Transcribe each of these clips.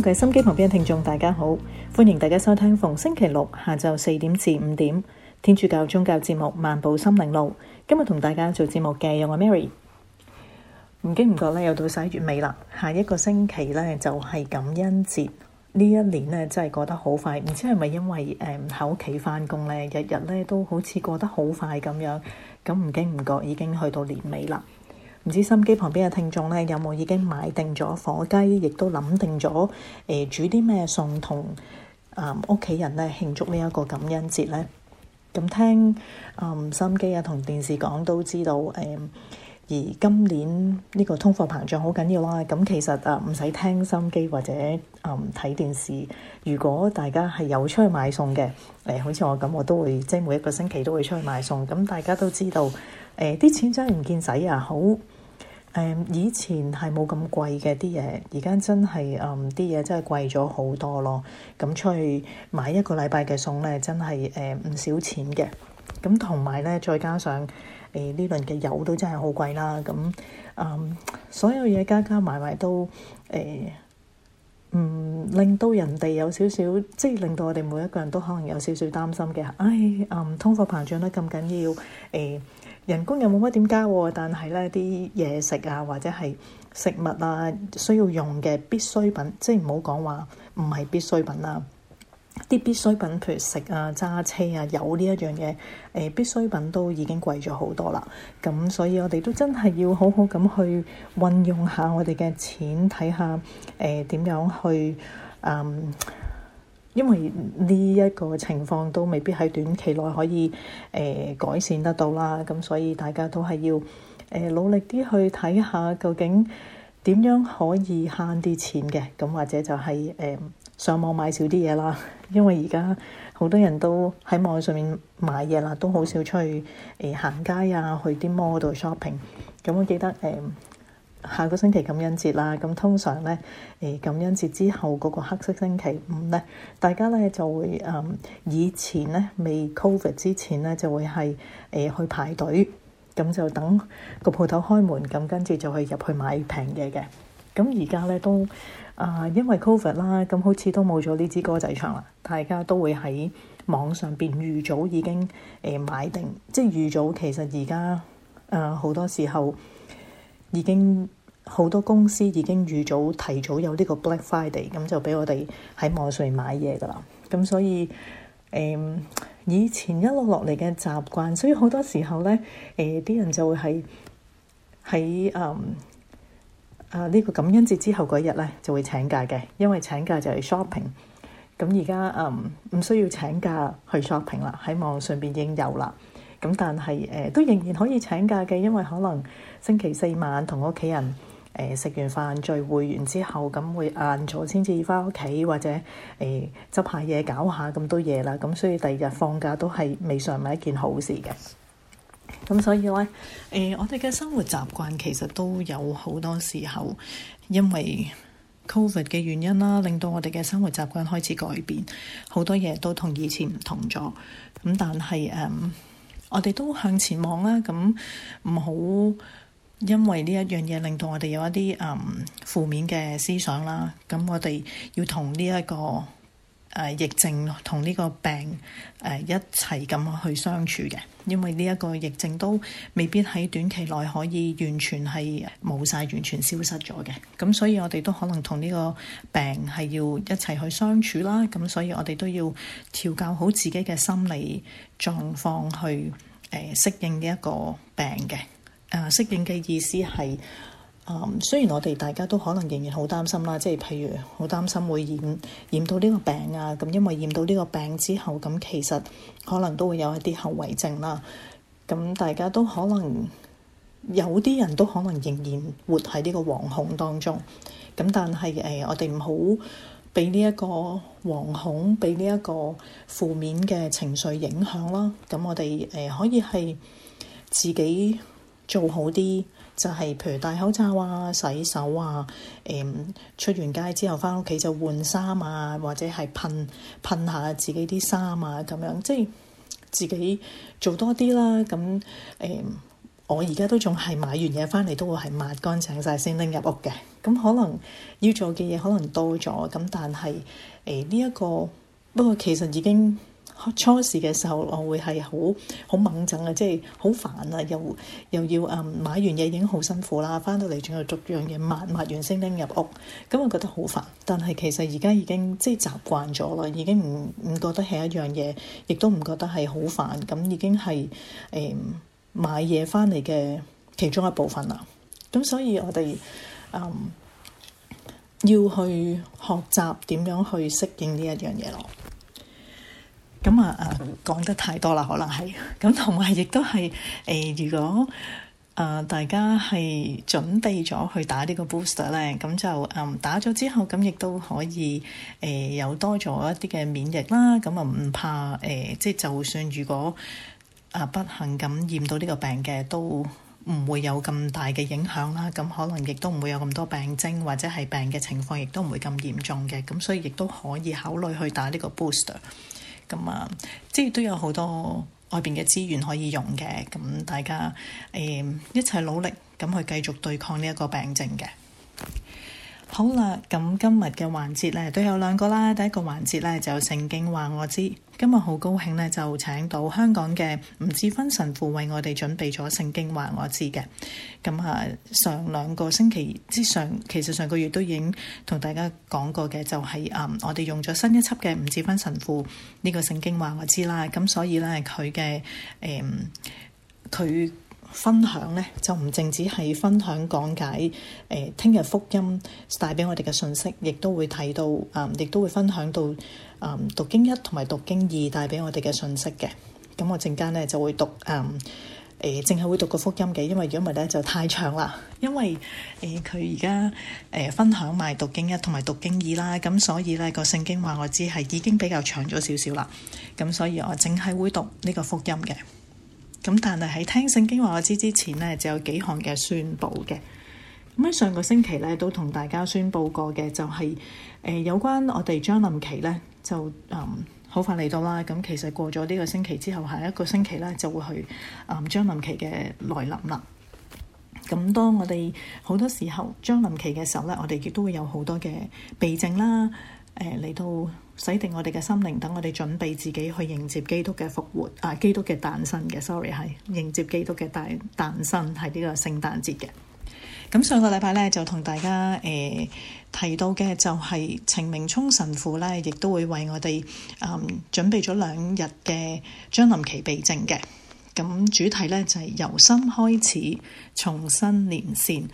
各位心機旁邊嘅聽眾，大家好，歡迎大家收聽逢星期六下晝四點至五點天主教宗教節目《漫步心靈路》。今日同大家做節目嘅有我 Mary。唔經唔覺咧，又到十一月尾啦。下一個星期咧就係感恩節。呢一年咧真係過得好快，唔知係咪因為唔喺屋企翻工，咧，日日咧都好似過得好快咁樣。咁唔經唔覺已經去到年尾啦。唔知心機旁邊嘅聽眾咧，有冇已經買定咗火雞，亦都諗定咗誒煮啲咩餸同啊屋企人咧慶祝呢一個感恩節咧？咁聽啊心機啊同電視講都知道誒，而今年呢個通貨膨脹好緊要啦。咁其實啊唔使聽心機或者啊睇電視，如果大家係有出去買餸嘅，誒好似我咁，我都會即係每一個星期都會出去買餸。咁大家都知道誒啲錢真係唔見使啊，好～嗯、以前係冇咁貴嘅啲嘢，而家真係誒啲嘢真係貴咗好多咯。咁出去買一個禮拜嘅餸咧，真係誒唔少錢嘅。咁同埋咧，再加上誒呢、欸、輪嘅油都真係好貴啦。咁誒、嗯、所有嘢加加埋埋都誒、欸，嗯令到人哋有少少，即、就、係、是、令到我哋每一個人都可能有少少擔心嘅。唉、哎，誒、嗯、通貨膨脹得咁緊要誒。欸人工又冇乜點加喎，但係咧啲嘢食啊，或者係食物啊，需要用嘅必需品，即係唔好講話唔係必需品啦。啲必需品，譬如食啊、揸車啊，有呢一樣嘢，誒、呃、必需品都已經貴咗好多啦。咁所以我哋都真係要好好咁去運用下我哋嘅錢，睇下誒點樣去嗯。因為呢一個情況都未必喺短期內可以誒、呃、改善得到啦，咁所以大家都係要誒、呃、努力啲去睇下究竟點樣可以慳啲錢嘅，咁或者就係、是、誒、呃、上網買少啲嘢啦，因為而家好多人都喺網上面買嘢啦，都好少出去誒行、呃、街啊，去啲 mall 度 shopping。咁我記得誒、呃下個星期感恩節啦，咁通常咧，誒感恩節之後嗰、那個黑色星期五咧，大家咧就會誒以前咧未 covid 之前咧，就會係誒、嗯呃、去排隊，咁就等個鋪頭開門，咁跟住就去入去買平嘢嘅。咁而家咧都啊、呃，因為 covid 啦，咁、嗯、好似都冇咗呢支歌仔唱啦，大家都會喺網上邊預早已經誒、呃、買定，即係預早其實而家誒好多時候。已經好多公司已經預早提早有呢個 Black Friday，咁就俾我哋喺網上買嘢噶啦。咁所以誒、嗯，以前一落落嚟嘅習慣，所以好多時候咧，誒、呃、啲人就會係喺誒啊呢、呢個感恩節之後嗰日咧就會請假嘅，因為請假就係 shopping。咁而家誒唔需要請假去 shopping 啦，喺網上邊已經有啦。咁但係誒、呃、都仍然可以請假嘅，因為可能。星期四晚同屋企人誒食完飯聚會完之後，咁會晏咗先至翻屋企，或者誒執下嘢搞下咁多嘢啦。咁、嗯、所以第二日放假都係未嘗唔係一件好事嘅。咁、嗯、所以咧，誒我哋嘅生活習慣其實都有好多時候因為 COVID 嘅原因啦，令到我哋嘅生活習慣開始改變，好多嘢都同以前唔同咗。咁但係誒、嗯，我哋都向前望啦，咁唔好。因為呢一樣嘢令到我哋有一啲誒、嗯、負面嘅思想啦，咁我哋要同呢一個誒、呃、疫症同呢個病誒、呃、一齊咁去相處嘅。因為呢一個疫症都未必喺短期內可以完全係冇晒、完全消失咗嘅。咁所以我哋都可能同呢個病係要一齊去相處啦。咁所以我哋都要調教好自己嘅心理狀況去誒、呃、適應呢一個病嘅。誒、啊、適應嘅意思係誒、嗯，雖然我哋大家都可能仍然好擔心啦，即係譬如好擔心會染染到呢個病啊。咁因為染到呢個病之後，咁其實可能都會有一啲後遺症啦。咁大家都可能，有啲人都可能仍然活喺呢個惶恐當中。咁但係誒、呃，我哋唔好俾呢一個惶恐，俾呢一個負面嘅情緒影響啦。咁我哋誒、呃、可以係自己。做好啲就係、是、譬如戴口罩啊、洗手啊、誒、嗯、出完街之後翻屋企就換衫啊，或者係噴噴一下自己啲衫啊咁樣，即係自己做多啲啦。咁、嗯、誒，我而家都仲係買完嘢翻嚟都會係抹乾淨晒先拎入屋嘅。咁、嗯、可能要做嘅嘢可能多咗，咁、嗯、但係誒呢一個不過其實已經。初時嘅時候，我會係好好掹掙啊，即係好煩啊！又又要啊，買完嘢已經好辛苦啦，翻到嚟仲要逐樣嘢抹，抹完先拎入屋，咁我覺得好煩。但係其實而家已經即係習慣咗啦，已經唔唔覺得係一樣嘢，亦都唔覺得係好煩。咁已經係誒、嗯、買嘢翻嚟嘅其中一部分啦。咁所以我哋嗯要去學習點樣去適應呢一樣嘢咯。咁啊，講得太多啦，可能係咁，同埋亦都係誒、欸。如果啊、呃，大家係準備咗去打呢個 booster 咧，咁就嗯打咗之後，咁亦都可以誒、欸、有多咗一啲嘅免疫啦。咁啊，唔怕誒，即係就算如果啊不幸感染到呢個病嘅，都唔會有咁大嘅影響啦。咁可能亦都唔會有咁多病徵或者係病嘅情況，亦都唔會咁嚴重嘅。咁所以亦都可以考慮去打呢個 booster。咁啊，即係都有好多外邊嘅資源可以用嘅，咁大家誒一齊努力咁去繼續對抗呢一個病症嘅。好啦，咁今日嘅環節咧都有兩個啦，第一個環節咧就《聖經話我知》，今日好高興咧就請到香港嘅吳志芬神父為我哋準備咗《聖經話我知》嘅。咁啊，上兩個星期之上，其實上個月都已經同大家講過嘅，就係、是、誒，我哋用咗新一輯嘅吳志芬神父呢、這個《聖經話我知》啦。咁所以咧，佢嘅誒，佢、嗯。分享咧就唔淨止係分享講解，誒，聽日福音帶俾我哋嘅信息，亦都會睇到，誒、嗯，亦都會分享到，誒，讀經一同埋讀經二帶俾我哋嘅信息嘅。咁我陣間咧就會讀，誒、嗯，淨、呃、係會讀個福音嘅，因為如果唔係咧就太長啦。因為誒佢而家誒分享埋讀經一同埋讀經二啦，咁所以咧個聖經話我知係已經比較長咗少少啦，咁所以我淨係會讀呢個福音嘅。咁但係喺聽聖經話我知之前呢，就有幾項嘅宣佈嘅，咁喺上個星期呢，都同大家宣佈過嘅就係、是、誒、呃、有關我哋將臨期呢，就嗯好快嚟到啦，咁其實過咗呢個星期之後下一個星期呢，就會去嗯將臨期嘅來臨啦。咁當我哋好多時候將臨期嘅時候呢，我哋亦都會有好多嘅備證啦，誒、呃、嚟到。洗定我哋嘅心靈，等我哋準備自己去迎接基督嘅復活，啊，基督嘅誕生嘅，sorry 係迎接基督嘅誕誕生，係呢個聖誕節嘅。咁上個禮拜呢就同大家誒、呃、提到嘅就係、是、程明聰神父呢，亦都會為我哋誒、嗯、準備咗兩日嘅將臨期備證嘅。咁主題呢就係、是、由心開始重新連線。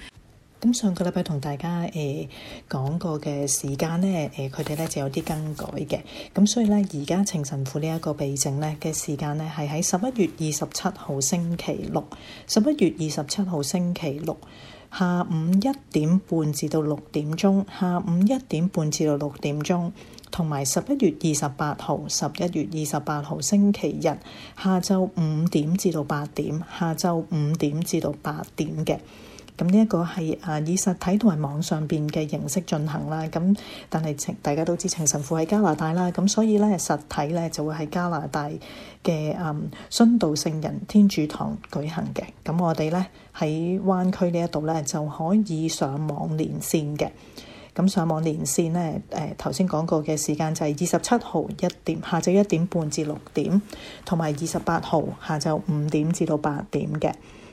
咁上個禮拜同大家誒、欸、講過嘅時間咧，誒佢哋咧就有啲更改嘅，咁所以咧而家請神父呢一個避靜咧嘅時間咧，係喺十一月二十七號星期六，十一月二十七號星期六下午一點半至到六點鐘，下午一點半至到六點鐘，同埋十一月二十八號，十一月二十八號星期日下晝五點至到八點，下晝五點至到八點嘅。咁呢一個係誒以實體同埋網上邊嘅形式進行啦。咁但係情大家都知情神父喺加拿大啦，咁所以咧實體咧就會喺加拿大嘅誒殉道聖人天主堂舉行嘅。咁我哋咧喺灣區呢一度咧就可以上網連線嘅。咁上網連線咧誒頭先講過嘅時間就係二十七號，一點下晝一點半至六點，同埋二十八號下晝五點至到八點嘅。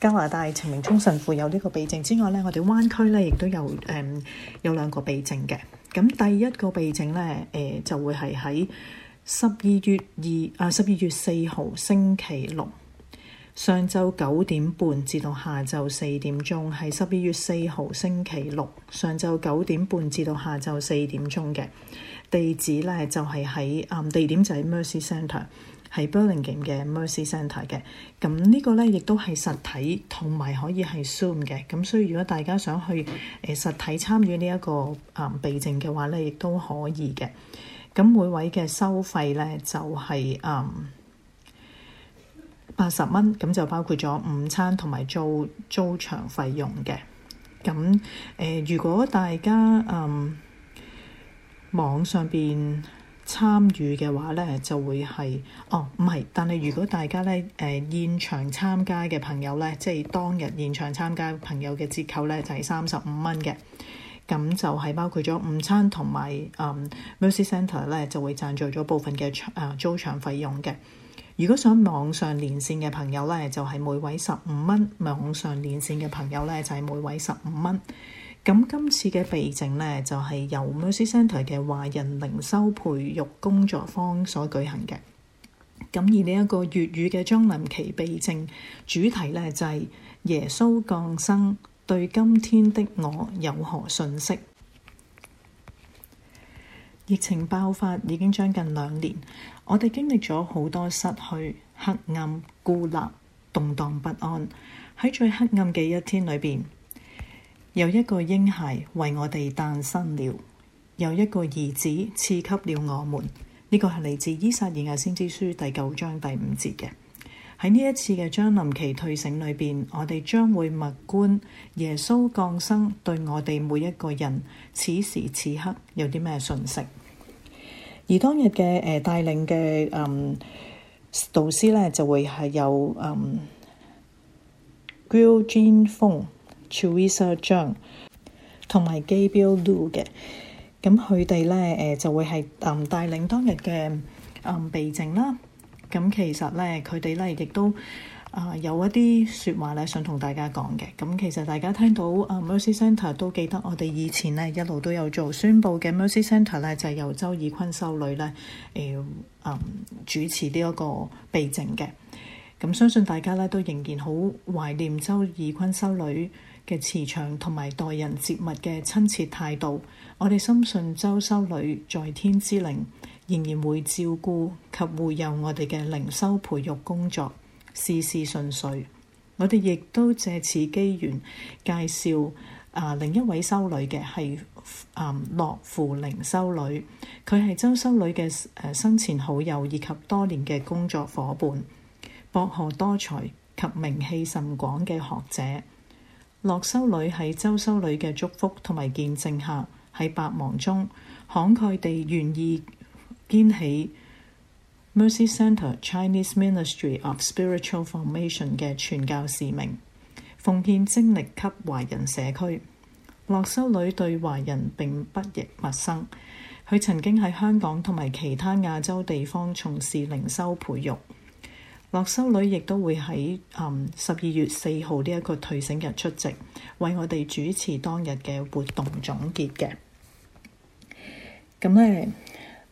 加拿大程明聰神父有呢個避靜之外呢，我哋灣區呢亦都有誒、嗯、有兩個避靜嘅。咁第一個避靜呢，誒、呃、就會係喺十二月二啊十二月四號星期六上晝九點半至到下晝四點鐘，係十二月四號星期六上晝九點半至到下晝四點鐘嘅地址呢，就係喺啊地點就係 Mercy Center 係 Burlingame、er、嘅 Mercy Centre 嘅，咁呢個咧亦都係實體同埋可以係 Zoom 嘅，咁所以如果大家想去誒實體參與呢一個啊備證嘅話咧，亦都可以嘅。咁每位嘅收費咧就係、是、嗯八十蚊，咁就包括咗午餐同埋租租場費用嘅。咁誒、呃，如果大家嗯網上邊，參與嘅話呢，就會係哦，唔係。但係如果大家呢，誒、呃、現場參加嘅朋友呢，即係當日現場參加朋友嘅折扣呢，就係三十五蚊嘅。咁就係包括咗午餐同埋誒 Mercy Centre 呢，就會贊助咗部分嘅、呃、租場費用嘅。如果想網上連線嘅朋友呢，就係、是、每位十五蚊；網上連線嘅朋友呢，就係、是、每位十五蚊。咁今次嘅備證呢，就係由 Mercy Center 嘅華人靈修培育工作坊所舉行嘅。咁而呢一個粵語嘅將臨期避靜主題呢，就係耶穌降生對今天的我有何訊息？疫情爆發已經將近兩年，我哋經歷咗好多失去、黑暗、孤立、動盪不安。喺最黑暗嘅一天裏邊，有一個嬰孩為我哋誕生了，有一個兒子賜給了我們。呢、這個係嚟自《伊撒爾雅先知書》第九章第五節嘅。喺呢一次嘅將臨期退省裏邊，我哋將會默觀耶穌降生對我哋每一個人此時此刻有啲咩信息。而當日嘅，誒帶領嘅嗯，導師咧，就會係有嗯 g i l Jean 風 Teresa Zhang 同埋 Gabriel Lu 嘅，咁佢哋咧誒就會係帶領當日嘅誒、嗯、避靜啦。咁其實咧，佢哋咧亦都啊、呃、有一啲説話咧想同大家講嘅。咁其實大家聽到啊 Mercy Centre 都記得我哋以前咧一路都有做宣佈嘅 Mercy Centre 咧就係、是、由周以坤修女咧誒、呃嗯、主持呢一個避靜嘅。咁相信大家咧都仍然好懷念周以坤修女。嘅慈祥同埋待人接物嘅親切態度，我哋深信周修女在天之靈仍然會照顧及護佑我哋嘅靈修培育工作，事事順遂。我哋亦都借此機緣介紹啊、呃，另一位修女嘅係啊樂芙靈修女，佢係周修女嘅誒、呃、生前好友以及多年嘅工作夥伴，博學多才及名氣甚廣嘅學者。樂修女喺周修女嘅祝福同埋見證下，喺百忙中慷慨地願意肩起 Mercy Center Chinese Ministry of Spiritual Formation 嘅傳教使命，奉獻精力給華人社區。樂修女對華人並不亦陌生，佢曾經喺香港同埋其他亞洲地方從事靈修培育。樂修女亦都會喺十二月四號呢一個退省日出席，為我哋主持當日嘅活動總結嘅。咁咧，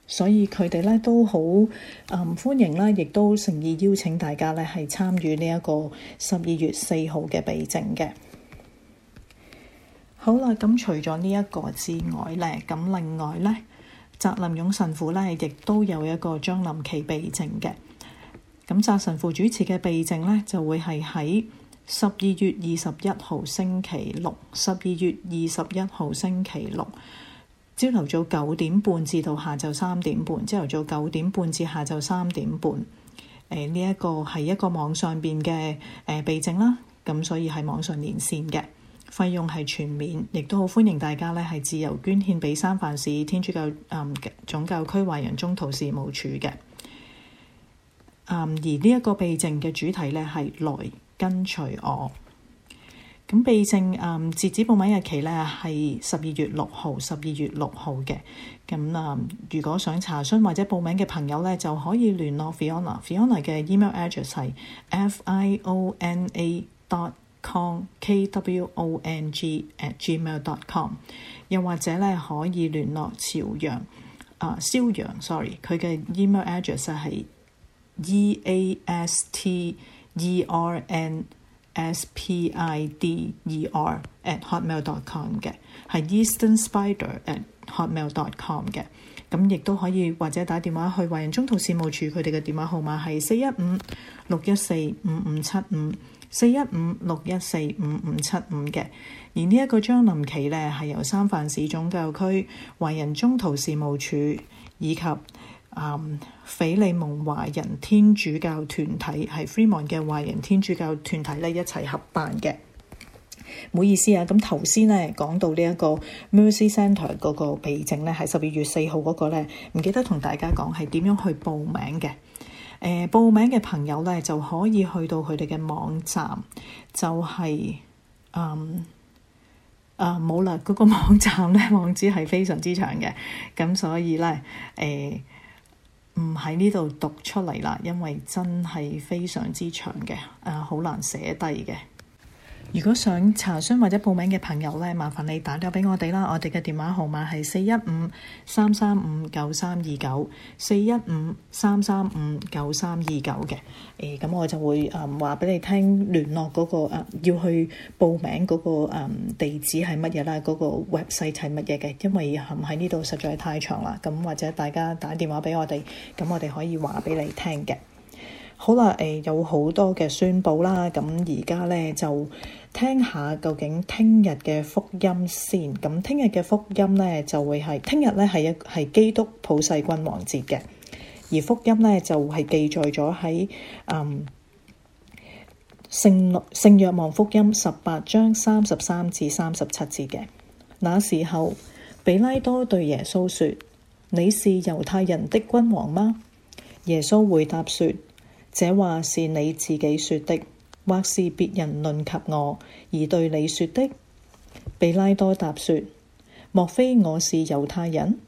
所以佢哋咧都好誒、嗯、歡迎咧，亦都誠意邀請大家咧係參與呢一個十二月四號嘅避靜嘅。好啦，咁除咗呢一個之外咧，咁另外咧，澤林勇神父咧亦都有一個將臨期避靜嘅。咁澤神父主持嘅避靜呢，就會係喺十二月二十一號星期六，十二月二十一號星期六，朝頭早九點半至到下晝三點半，朝頭早九點半至下晝三點半。呢、這、一個係一個網上邊嘅誒避靜啦，咁所以係網上連線嘅，費用係全免，亦都好歡迎大家呢，係自由捐獻俾三藩市天主教、嗯、總教區華人中途事務處嘅。而呢一個備證嘅主題呢，係來跟隨我。咁備證、嗯、截止報名日期呢，係十二月六號，十二月六號嘅。咁嗱，如果想查詢或者報名嘅朋友呢，就可以聯絡 Fiona。Fiona 嘅 email address 係 fiona dot com k w o n g at gmail dot com。又或者呢，可以聯絡朝陽啊，肖陽。Sorry，佢嘅 email address 係。E A S T E R N S P I D E R at hotmail.com 嘅，係 Eastern Spider at hotmail.com 嘅。咁亦都可以或者打電話去華人中途事務處，佢哋嘅電話號碼係四一五六一四五五七五，四一五六一四五五七五嘅。而呢一個張林琪呢，係由三藩市總教區華人中途事務處以及誒，斐、嗯、利蒙華人天主教團體係 Fremont 嘅華人天主教團體咧一齊合辦嘅。唔好意思啊，咁頭先咧講到呢一個 Mercy Center e 嗰個避靜咧，係十二月四號嗰個咧，唔記得同大家講係點樣去報名嘅。誒、呃，報名嘅朋友咧就可以去到佢哋嘅網站，就係誒誒冇啦，嗰、嗯啊嗰個網站咧，網址係非常之長嘅，咁所以咧誒。呃唔喺呢度讀出嚟啦，因為真係非常之長嘅，誒好難寫低嘅。如果想查詢或者報名嘅朋友呢，麻煩你打電話畀我哋啦，我哋嘅電話號碼係四一五三三五九三二九四一五三三五九三二九嘅。誒，咁、欸、我就會誒話畀你聽，聯絡嗰、那個誒、啊、要去報名嗰、那個誒、嗯、地址係乜嘢啦，嗰、那個 website 係乜嘢嘅，因為含喺呢度實在太長啦。咁或者大家打電話畀我哋，咁我哋可以話畀你聽嘅。好啦，誒有好多嘅宣佈啦，咁而家咧就聽下究竟聽日嘅福音先。咁聽日嘅福音咧就會係聽日咧係一係基督普世君王節嘅，而福音咧就係、是、記載咗喺嗯聖聖若望福音十八章三十三至三十七節嘅。那時候，比拉多對耶穌說：你是猶太人的君王嗎？耶穌回答說。這話是你自己說的，或是別人論及我，而對你說的？比拉多答說：莫非我是猶太人？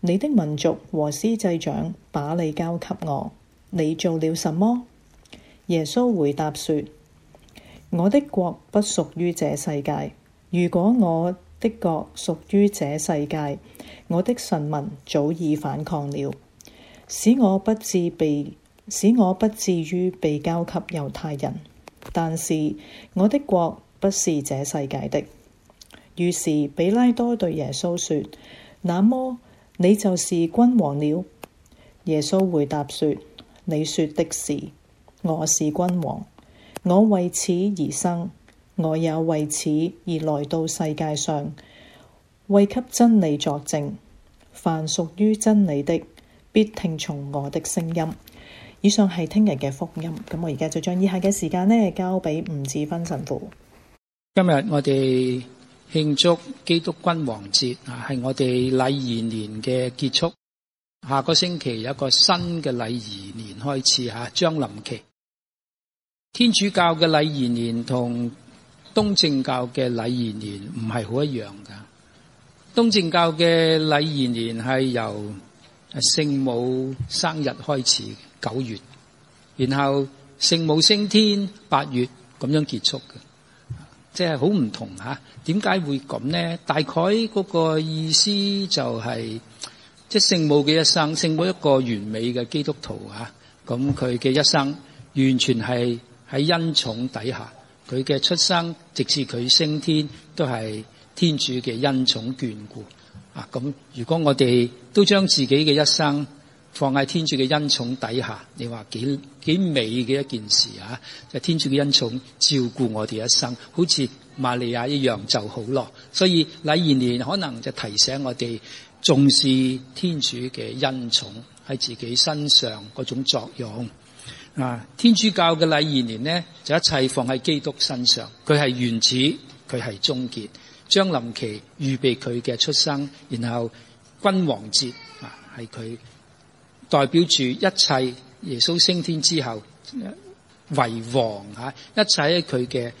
你的民族和司祭長把你交給我，你做了什麼？耶穌回答說：我的國不屬於這世界。如果我的國屬於這世界，我的神民早已反抗了，使我不至被使我不至於被交給猶太人，但是我的國不是這世界的。於是彼拉多對耶穌說：那麼你就是君王了。耶穌回答說：你說的是，我是君王，我為此而生，我也為此而來到世界上，為給真理作證。凡屬於真理的，必聽從我的聲音。以上係聽日嘅福音。咁我而家就將以下嘅時間呢，交俾吳志芬神父。今日我哋慶祝基督君王節啊，係我哋禮儀年嘅結束。下個星期有一個新嘅禮儀年開始嚇，將臨期。天主教嘅禮儀年同東正教嘅禮儀年唔係好一樣㗎。東正教嘅禮儀年係由聖母生日開始的。九月，然後聖母升天八月咁樣結束嘅，即係好唔同吓。點解會咁呢？大概嗰個意思就係，即係聖母嘅一生，聖母一個完美嘅基督徒吓。咁佢嘅一生完全係喺恩寵底下，佢嘅出生直至佢升天都係天主嘅恩寵眷顧啊。咁如果我哋都將自己嘅一生，放喺天主嘅恩寵底下，你話幾幾美嘅一件事啊！就是，天主嘅恩寵照顧我哋一生，好似瑪利亞一樣就好咯。所以禮儀年可能就提醒我哋重視天主嘅恩寵喺自己身上嗰種作用啊！天主教嘅禮儀年咧，就一切放喺基督身上，佢係原始，佢係終結，將臨期預備佢嘅出生，然後君王節啊，係佢。代表住一切，耶穌升天之後為王吓，一切喺佢嘅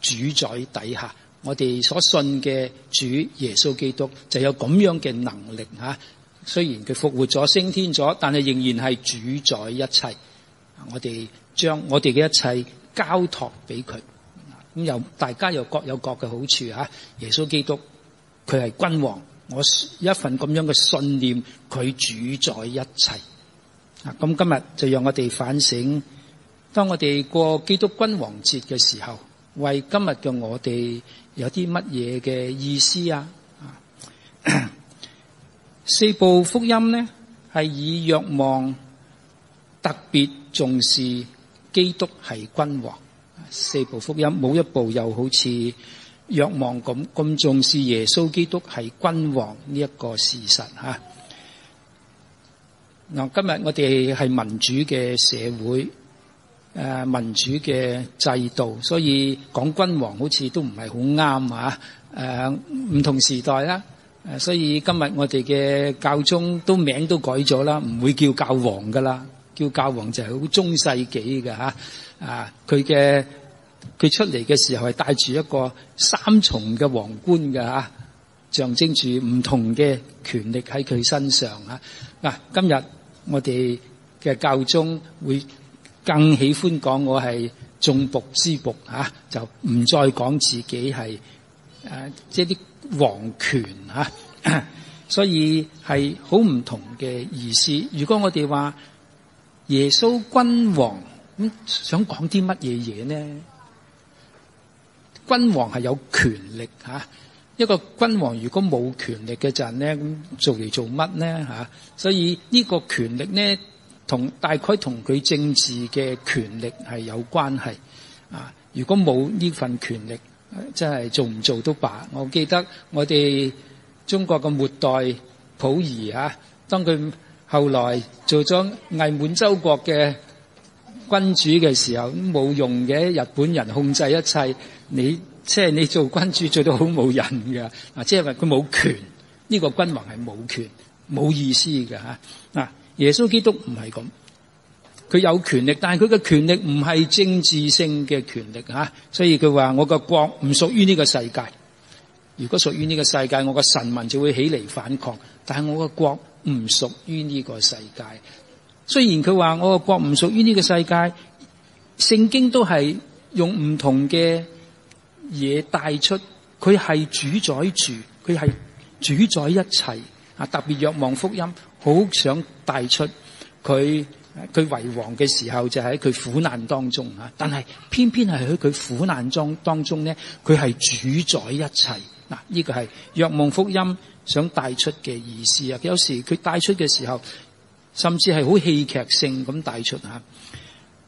主宰底下。我哋所信嘅主耶穌基督就有咁樣嘅能力吓。雖然佢復活咗，升天咗，但係仍然係主宰一切。我哋將我哋嘅一切交託俾佢，咁又大家又各有各嘅好處吓。耶穌基督佢係君王。我一份咁樣嘅信念，佢主宰一切。啊，咁今日就讓我哋反省，當我哋過基督君王節嘅時候，為今日嘅我哋有啲乜嘢嘅意思啊？四部福音呢，係以若望特別重視基督係君王。四部福音，冇一部又好似。若望咁咁重視耶穌基督係君王呢一個事實吓。嗱，今日我哋係民主嘅社會，誒民主嘅制度，所以講君王好似都唔係好啱啊！誒唔同時代啦，誒所以今日我哋嘅教宗都名都改咗啦，唔會叫教皇噶啦，叫教皇就係好中世紀嘅吓啊，佢嘅。佢出嚟嘅時候係帶住一個三重嘅皇冠嘅吓，象徵住唔同嘅權力喺佢身上啊！嗱，今日我哋嘅教宗會更喜歡講我係眾僕之僕吓，啊，就唔再講自己係誒，即係啲王權吓，啊，所以係好唔同嘅意思。如果我哋話耶穌君王，咁，嗯，想講啲乜嘢嘢呢？君王係有權力嚇，一個君王如果冇權力嘅陣咧，咁做嚟做乜呢？嚇？所以呢個權力呢，同大概同佢政治嘅權力係有關係啊。如果冇呢份權力，真係做唔做都罷。我記得我哋中國嘅末代溥儀嚇，當佢後來做咗偽滿洲國嘅君主嘅時候冇用嘅，日本人控制一切，你即係你做君主做到好冇人嘅，啊，即係佢冇權，呢個君王係冇權，冇意思嘅吓、啊，耶穌基督唔係咁，佢有權力，但係佢嘅權力唔係政治性嘅權力吓、啊，所以佢話我嘅國唔屬於呢個世界，如果屬於呢個世界，我嘅臣民就會起嚟反抗，但係我嘅國唔屬於呢個世界。雖然佢話我個國唔屬於呢個世界，聖經都係用唔同嘅嘢帶出，佢係主宰住，佢係主宰一切啊！特別若望福音好想帶出佢佢為王嘅時候就喺、是、佢苦難當中啊！但係偏偏係喺佢苦難中當中咧，佢係主宰一切嗱，呢個係若望福音想帶出嘅意思啊！有時佢帶出嘅時候。甚至係好戲劇性咁帶出吓。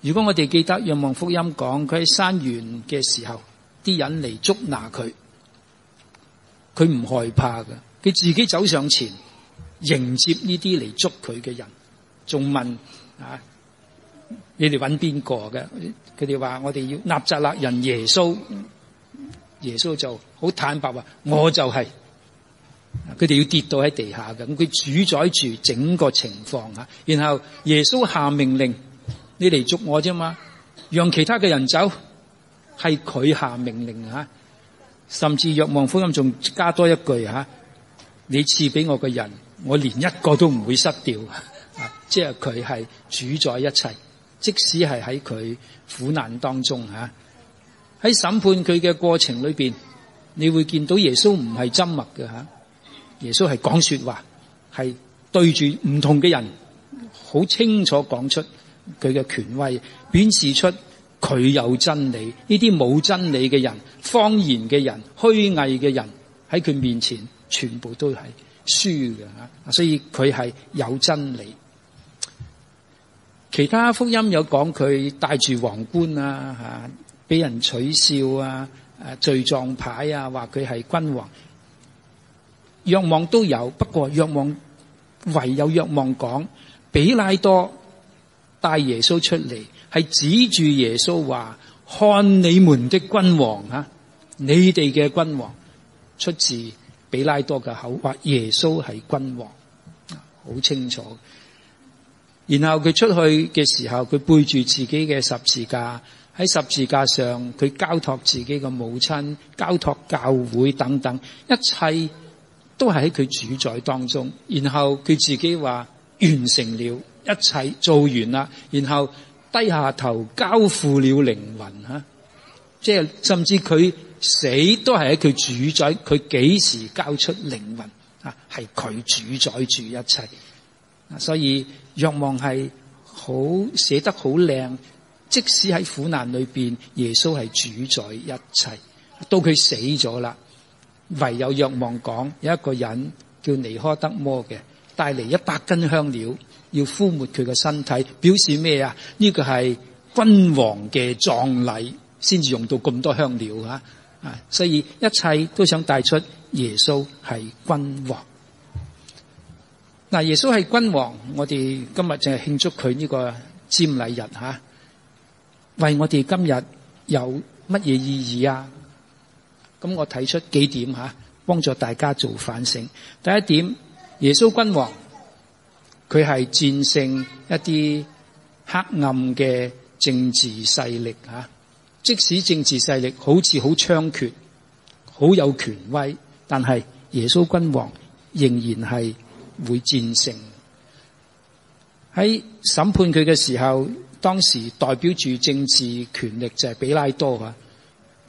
如果我哋記得《約翰福音》講佢喺山園嘅時候，啲人嚟捉拿佢，佢唔害怕噶，佢自己走上前迎接呢啲嚟捉佢嘅人，仲問啊：你哋揾邊個嘅？佢哋話：我哋要納扎勒人耶穌。耶穌就好坦白話：我就係、是。佢哋要跌倒喺地下嘅，咁佢主宰住整個情況啊。然後耶穌下命令，你嚟捉我啫嘛。讓其他嘅人走，係佢下命令啊。甚至若望福音仲加多一句吓，你賜俾我嘅人，我連一個都唔會失掉啊。即係佢係主宰一切，即使係喺佢苦難當中吓，喺審判佢嘅過程裏邊，你會見到耶穌唔係真密嘅吓。耶穌係講說話，係對住唔同嘅人，好清楚講出佢嘅權威，顯示出佢有真理。呢啲冇真理嘅人、謊言嘅人、虛偽嘅人喺佢面前，全部都係輸嘅吓。所以佢係有真理。其他福音有講佢帶住皇冠啊，吓俾人取笑啊，誒罪狀牌啊，話佢係君王。若望都有，不過若望唯有若望講。比拉多帶耶穌出嚟，係指住耶穌話：看你們的君王啊！你哋嘅君王出自比拉多嘅口，話耶穌係君王，好清楚。然後佢出去嘅時候，佢背住自己嘅十字架喺十字架上，佢交託自己嘅母親，交託教會等等一切。都係喺佢主宰當中，然後佢自己話完成了一切，做完啦，然後低下頭交付了靈魂吓、啊，即係甚至佢死都係喺佢主宰，佢幾時交出靈魂啊？係佢主宰住一切，所以若望係好寫得好靚，即使喺苦難裏邊，耶穌係主宰一切，到佢死咗啦。唯有若望講有一個人叫尼科德摩嘅帶嚟一百斤香料，要敷抹佢嘅身體，表示咩啊？呢個係君王嘅葬禮，先至用到咁多香料啊！所以一切都想帶出耶穌係君王。嗱，耶穌係君王，我哋今日淨係慶祝佢呢個瞻禮日。為我哋今日有乜嘢意義啊？咁我提出幾點吓，幫助大家做反省。第一點，耶穌君王佢係戰勝一啲黑暗嘅政治勢力吓，啊，即使政治勢力好似好猖獗，好有權威，但係耶穌君王仍然係會戰勝。喺審判佢嘅時候，當時代表住政治權力就係比拉多啊。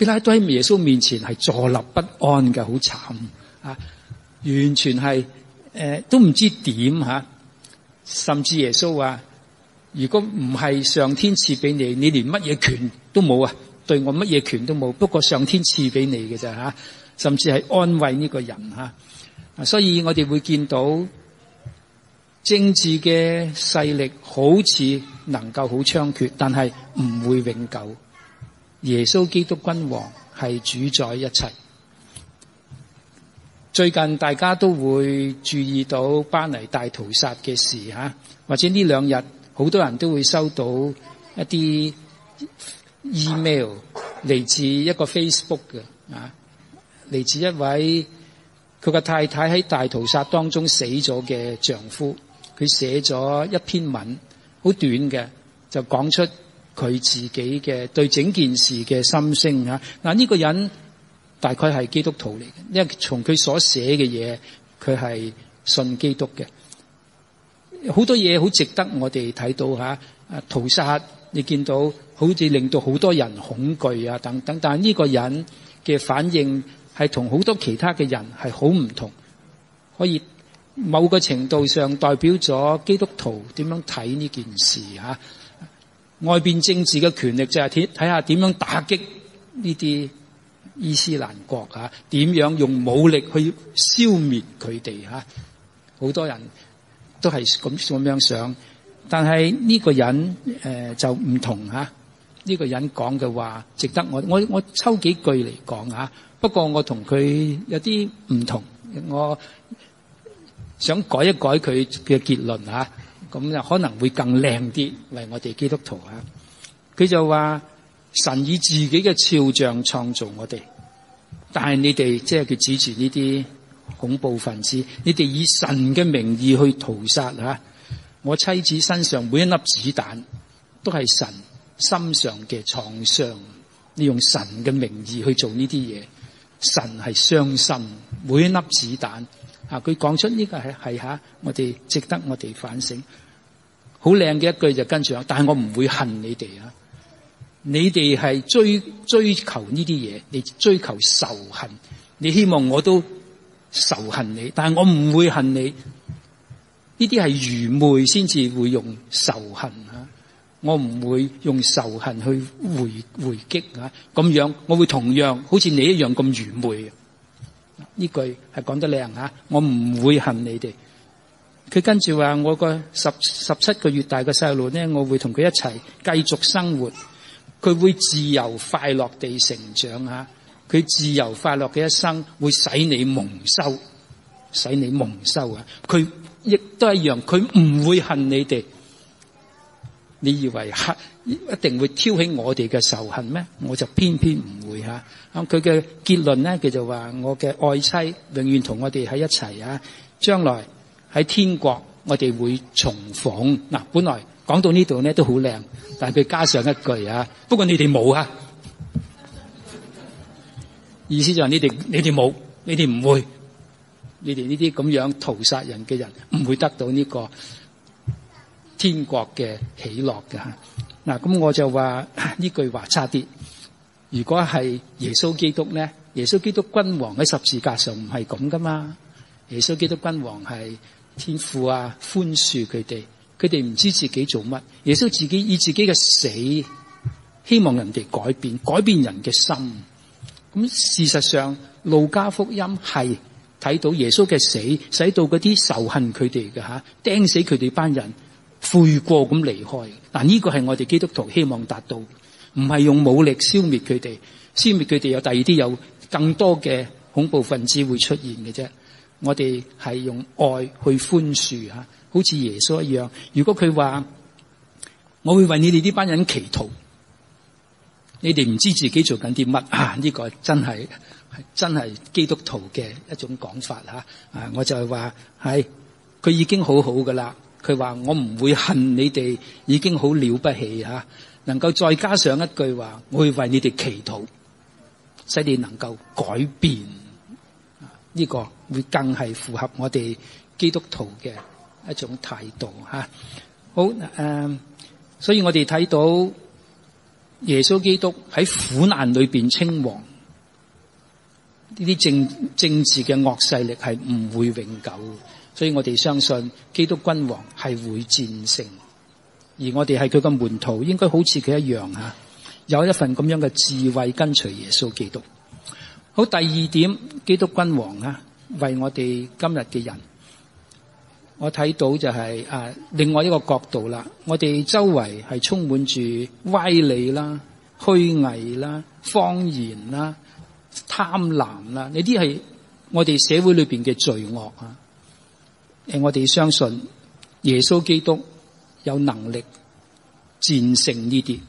彼拉多喺耶穌面前係坐立不安嘅，好慘啊！完全係誒、呃、都唔知點吓、啊，甚至耶穌話：如果唔係上天賜俾你，你連乜嘢權都冇啊！對我乜嘢權都冇。不過上天賜俾你嘅咋吓，甚至係安慰呢個人吓，啊，所以我哋會見到政治嘅勢力好似能夠好猖獗，但係唔會永久。耶穌基督君王係主宰一切。最近大家都會注意到巴黎大屠殺嘅事嚇，或者呢兩日好多人都會收到一啲 email 嚟自一個 Facebook 嘅啊，嚟自一位佢嘅太太喺大屠殺當中死咗嘅丈夫，佢寫咗一篇文，好短嘅，就講出。佢自己嘅對整件事嘅心聲吓，嗱、啊、呢、呢個人大概係基督徒嚟嘅，因為從佢所寫嘅嘢，佢係信基督嘅，好多嘢好值得我哋睇到吓、啊。屠殺你見到，好似令到好多人恐懼啊等等，但係呢個人嘅反應係同好多其他嘅人係好唔同，可以某個程度上代表咗基督徒點樣睇呢件事吓。啊外邊政治嘅權力就係睇睇下點樣打擊呢啲伊斯蘭國嚇，點樣用武力去消滅佢哋嚇，好多人都係咁咁樣想，但係呢個人誒就唔同嚇，呢個人講嘅話值得我我我抽幾句嚟講嚇，不過我同佢有啲唔同，我想改一改佢嘅結論嚇。啊咁就可能會更靚啲，為我哋基督徒，佢就話：神以自己嘅肖像創造我哋，但係你哋即係佢指住呢啲恐怖分子，你哋以神嘅名義去屠殺，我妻子身上每一粒子彈都係神心上嘅創傷。你用神嘅名義去做呢啲嘢，神係傷心，每一粒子彈，佢講出呢個係係我哋值得我哋反省。好靚嘅一句就跟住，但係我唔會恨你哋啊！你哋係追追求呢啲嘢，你追求仇恨，你希望我都仇恨你，但係我唔會恨你。呢啲係愚昧先至會用仇恨啊！我唔會用仇恨去回回擊啊！咁樣我會同樣好似你一樣咁愚昧。呢句係講得靚啊！我唔會恨你哋。佢跟住話：我個十十七個月大嘅細路咧，我會同佢一齊繼續生活，佢會自由快樂地成長嚇。佢自由快樂嘅一生會使你蒙羞，使你蒙羞啊！佢亦都一樣，佢唔會恨你哋。你以為一定會挑起我哋嘅仇恨咩？我就偏偏唔會嚇。咁佢嘅結論咧，佢就話：我嘅愛妻永遠同我哋喺一齊，將來。喺天國，我哋會重逢。嗱，本來講到呢度咧都好靚，但係佢加上一句啊。不過你哋冇啊，意思就係你哋你哋冇，你哋唔會，你哋呢啲咁樣屠殺人嘅人唔會得到呢個天國嘅喜樂噶吓。嗱，咁我就話呢句話差啲。如果係耶穌基督咧，耶穌基督君王喺十字架上唔係咁噶嘛，耶穌基督君王係。天父啊，寬恕佢哋，佢哋唔知自己做乜。耶穌自己以自己嘅死，希望人哋改變，改變人嘅心。咁事實上，路加福音係睇到耶穌嘅死，使到嗰啲仇恨佢哋嘅吓，釘死佢哋班人，悔過咁離開。嗱，呢個係我哋基督徒希望達到的，唔係用武力消滅佢哋，消滅佢哋有第二啲有更多嘅恐怖分子會出現嘅啫。我哋係用愛去寬恕吓，好似耶穌一樣。如果佢話我會為你哋呢班人祈禱，你哋唔知自己做緊啲乜啊？呢個真係真係基督徒嘅一種講法吓。啊，我就係話係佢已經好好噶啦。佢話我唔會恨你哋，已經好了不起吓，啊。能夠再加上一句話，我會為你哋祈禱，使你哋能夠改變。呢個會更係符合我哋基督徒嘅一種態度吓，好，誒，所以我哋睇到耶穌基督喺苦難裏邊稱王，呢啲政政治嘅惡勢力係唔會永久，所以我哋相信基督君王係會戰勝，而我哋係佢嘅門徒，應該好似佢一樣吓，有一份咁樣嘅智慧，跟隨耶穌基督。好，第二點，基督君王啊，為我哋今日嘅人，我睇到就係、是、誒、啊，另外一個角度啦，我哋周圍係充滿住歪理啦、虛偽啦、謊言啦、貪婪啦，呢啲係我哋社會裏邊嘅罪惡啊。誒，我哋相信耶穌基督有能力戰勝呢啲。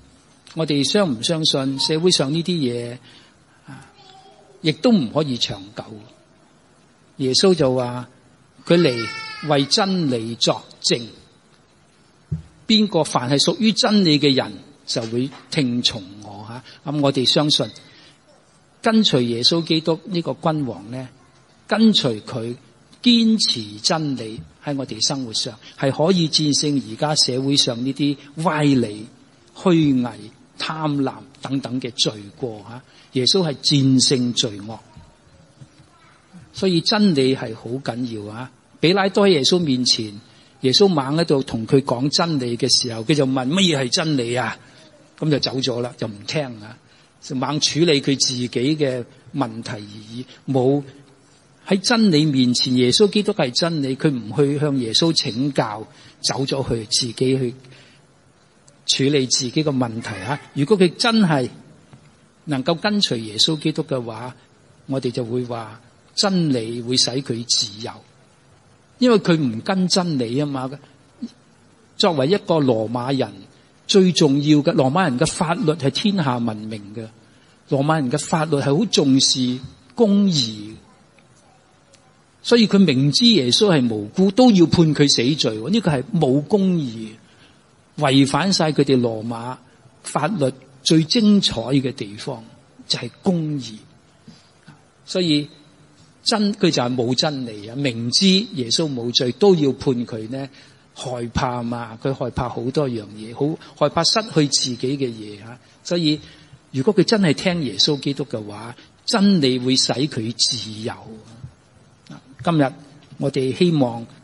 我哋相唔相信社會上呢啲嘢？亦都唔可以長久。耶穌就話佢嚟，為真理作證，邊個凡係屬於真理嘅人就會聽從我吓。咁我哋相信跟隨耶穌基督呢個君王咧，跟隨佢堅持真理喺我哋生活上，係可以戰勝而家社會上呢啲歪理虛偽、虛貪婪等等嘅罪過吓，耶穌係戰勝罪惡，所以真理係好緊要啊！比拉多喺耶穌面前，耶穌猛喺度同佢講真理嘅時候，佢就問乜嘢係真理啊？咁就走咗啦，就唔聽啊，就猛處理佢自己嘅問題而已，冇喺真理面前。耶穌基督係真理，佢唔去向耶穌請教，走咗去自己去。處理自己嘅問題吓，如果佢真係能夠跟隨耶穌基督嘅話，我哋就會話真理會使佢自由，因為佢唔跟真理啊嘛。作為一個羅馬人，最重要嘅羅馬人嘅法律係天下聞名嘅，羅馬人嘅法律係好重視公義的，所以佢明知耶穌係無辜都要判佢死罪，呢個係冇公義的。違反晒佢哋羅馬法律最精彩嘅地方就係公義，所以真佢就係冇真理啊！明知耶穌冇罪都要判佢呢。害怕嘛？佢害怕好多樣嘢，好害怕失去自己嘅嘢吓。所以如果佢真係聽耶穌基督嘅話，真理會使佢自由。今日我哋希望。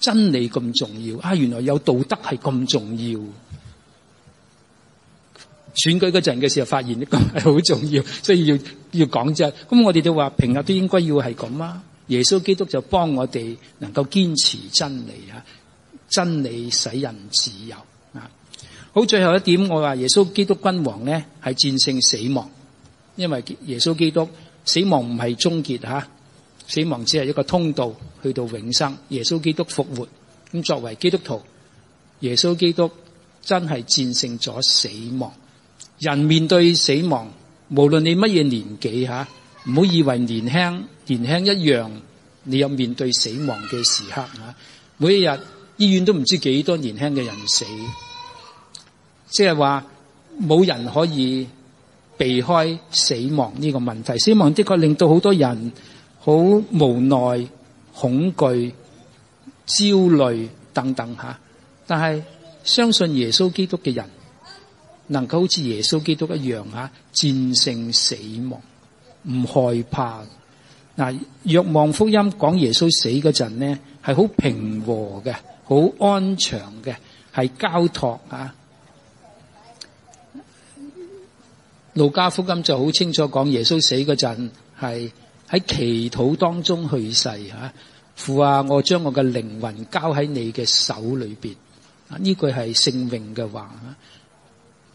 真理咁重要啊！原來有道德係咁重要。選舉嗰陣嘅時候發現呢個係好重要，所以要要講啫。咁我哋就話平日都應該要係咁啊。耶穌基督就幫我哋能夠堅持真理啊！真理使人自由啊！好，最後一點我話耶穌基督君王咧，係戰勝死亡，因為耶穌基督死亡唔係終結吓，死亡只係一個通道。去到永生，耶穌基督復活，咁作為基督徒，耶穌基督真係戰勝咗死亡。人面對死亡，無論你乜嘢年紀嚇，唔好以為年輕年輕一樣，你有面對死亡嘅時刻嚇。每一日醫院都唔知幾多年輕嘅人死，即係話冇人可以避開死亡呢個問題。死亡的確令到好多人好無奈。恐懼、焦慮等等吓，但係相信耶穌基督嘅人，能夠好似耶穌基督一樣吓，戰勝死亡，唔害怕。嗱，《若望福音》講耶穌死嗰陣咧，係好平和嘅，好安詳嘅，係交託啊。《路加福音》就好清楚講耶穌死嗰陣係。喺祈禱當中去世嚇，父啊，我將我嘅靈魂交喺你嘅手裏邊。啊，呢句係聖詠嘅話。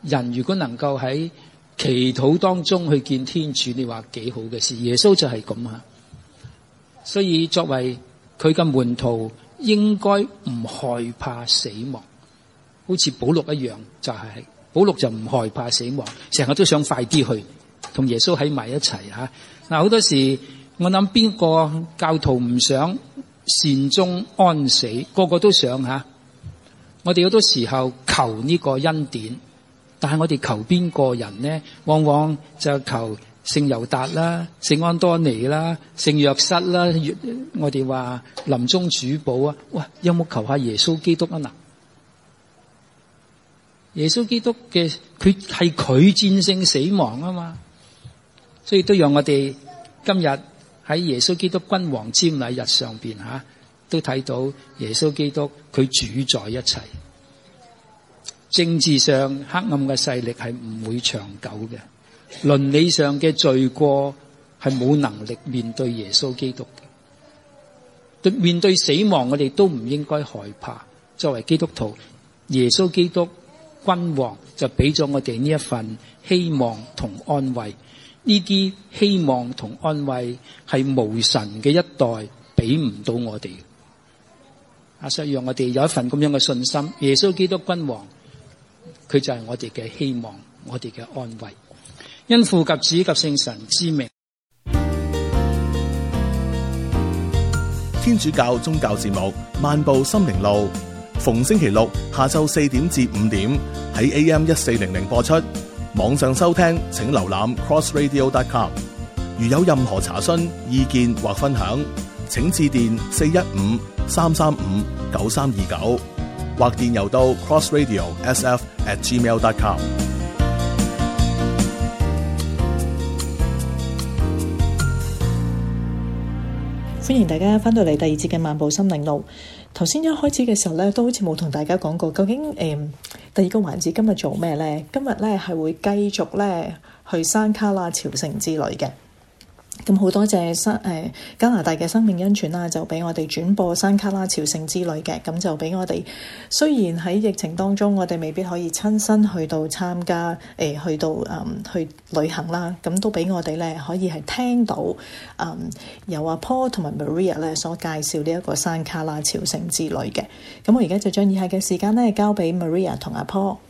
人如果能夠喺祈禱當中去見天主，你話幾好嘅事。耶穌就係咁啊，所以作為佢嘅門徒，應該唔害怕死亡。好似保祿一樣，就係、是、保祿就唔害怕死亡，成日都想快啲去同耶穌喺埋一齊嗱，好多時我諗邊個教徒唔想善終安死，個個都想吓。我哋好多時候求呢個恩典，但係我哋求邊個人呢？往往就求聖尤達啦、聖安多尼啦、聖若瑟啦。我哋話臨終主保啊，哇！有冇求下耶穌基督啊？嗱，耶穌基督嘅，佢係佢戰勝死亡啊嘛～所以都讓我哋今日喺耶穌基督君王瞻禮日，上邊吓，都睇到耶穌基督佢主宰一切，政治上黑暗嘅勢力係唔會長久嘅，倫理上嘅罪過係冇能力面對耶穌基督嘅。面對死亡，我哋都唔應該害怕。作為基督徒，耶穌基督君王就俾咗我哋呢一份希望同安慰。呢啲希望同安慰係無神嘅一代俾唔到我哋，啊！所以讓我哋有一份咁樣嘅信心。耶穌基督君王，佢就係我哋嘅希望，我哋嘅安慰。因父及子及聖神之名。天主教宗教節目《漫步心靈路》，逢星期六下晝四點至五點喺 AM 一四零零播出。網上收聽，請瀏覽 crossradio.com。如有任何查詢、意見或分享，請致電四一五三三五九三二九，或電郵到 crossradio_sf@gmail.com。Com 歡迎大家返到嚟第二節嘅漫步心靈路。頭先一開始嘅時候咧，都好似冇同大家講過，究竟誒、呃、第二個環節今日做咩咧？今日咧係會繼續咧去山卡拉、朝聖之旅嘅。咁好多謝生誒加拿大嘅生命恩泉啦，就俾我哋轉播「山卡拉朝聖之旅」嘅，咁就俾我哋雖然喺疫情當中，我哋未必可以親身去到參加誒、呃，去到嗯去旅行啦，咁都俾我哋咧可以係聽到嗯由阿 Paul 同埋 Maria 咧所介紹呢一個「山卡拉朝聖之旅」嘅。咁我而家就將以下嘅時間咧交俾 Maria 同阿 Paul。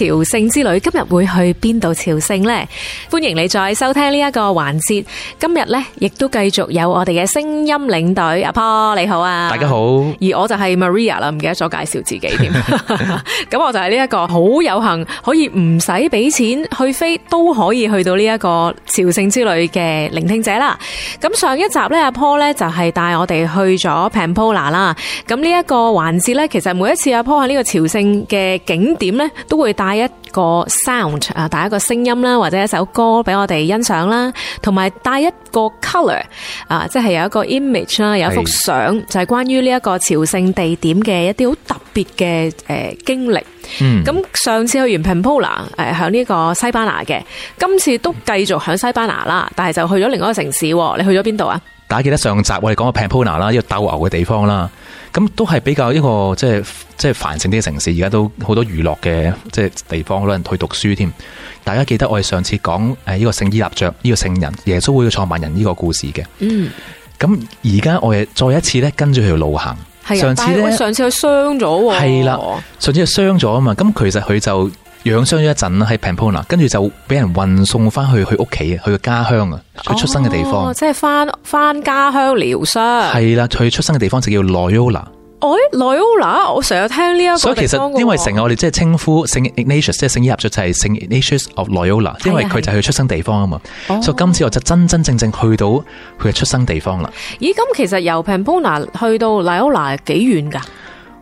朝聖之旅今日會去邊度朝聖呢？歡迎你再收聽呢一個環節。今日呢亦都繼續有我哋嘅聲音領隊阿坡，你好啊，大家好。而我就係 Maria 啦，唔記得咗介紹自己添。咁我就係呢一個好有幸可以唔使俾錢去飛都可以去到呢一個朝聖之旅嘅聆聽者啦。咁上一集呢，阿坡呢就係帶我哋去咗 Pampola 啦。咁呢一個環節呢，其實每一次阿坡喺呢個朝聖嘅景點呢都會帶。帶一個 sound 啊，帶一個聲音啦，或者一首歌俾我哋欣賞啦，同埋帶一個 color 啊，即係有一個 image 啦，有一幅相是就係關於呢一個朝聖地點嘅一啲好特別嘅誒經歷。嗯，咁上次去完 Pamplona 誒，響呢個西班牙嘅，今次都繼續響西班牙啦，但係就去咗另一個城市。你去咗邊度啊？大家記得上集我哋講過 Pamplona 啦，呢個鬥牛嘅地方啦。咁都係比較一個即係即係繁盛啲嘅城市，而家都好多娛樂嘅即係地方，好多人去讀書添。大家記得我哋上次講誒呢個聖伊納爵呢個聖人耶穌會嘅創辦人呢個故事嘅。嗯，咁而家我哋再一次咧跟住佢條路行。係，上次咧，上次佢傷咗。係啦，上次佢傷咗啊嘛。咁其實佢就。養傷咗一陣啦，喺 Pamplona，跟住就俾人運送翻去佢屋企，去佢家鄉啊，佢出生嘅地方。哦、即係翻翻家鄉療傷。係啦，佢出生嘅地方就叫 Loyola。哎，Loyola，我成日聽呢一個。所以其實因為成日我哋即係稱呼聖 Ignatius，即係聖依納爵就係聖 Ignatius of Loyola，因為佢、啊、就係佢出生地方啊嘛。所以今次我就真真正正去到佢嘅出生地方啦、哦。咦，咁其實由 Pamplona 去到 Loyola 幾遠噶？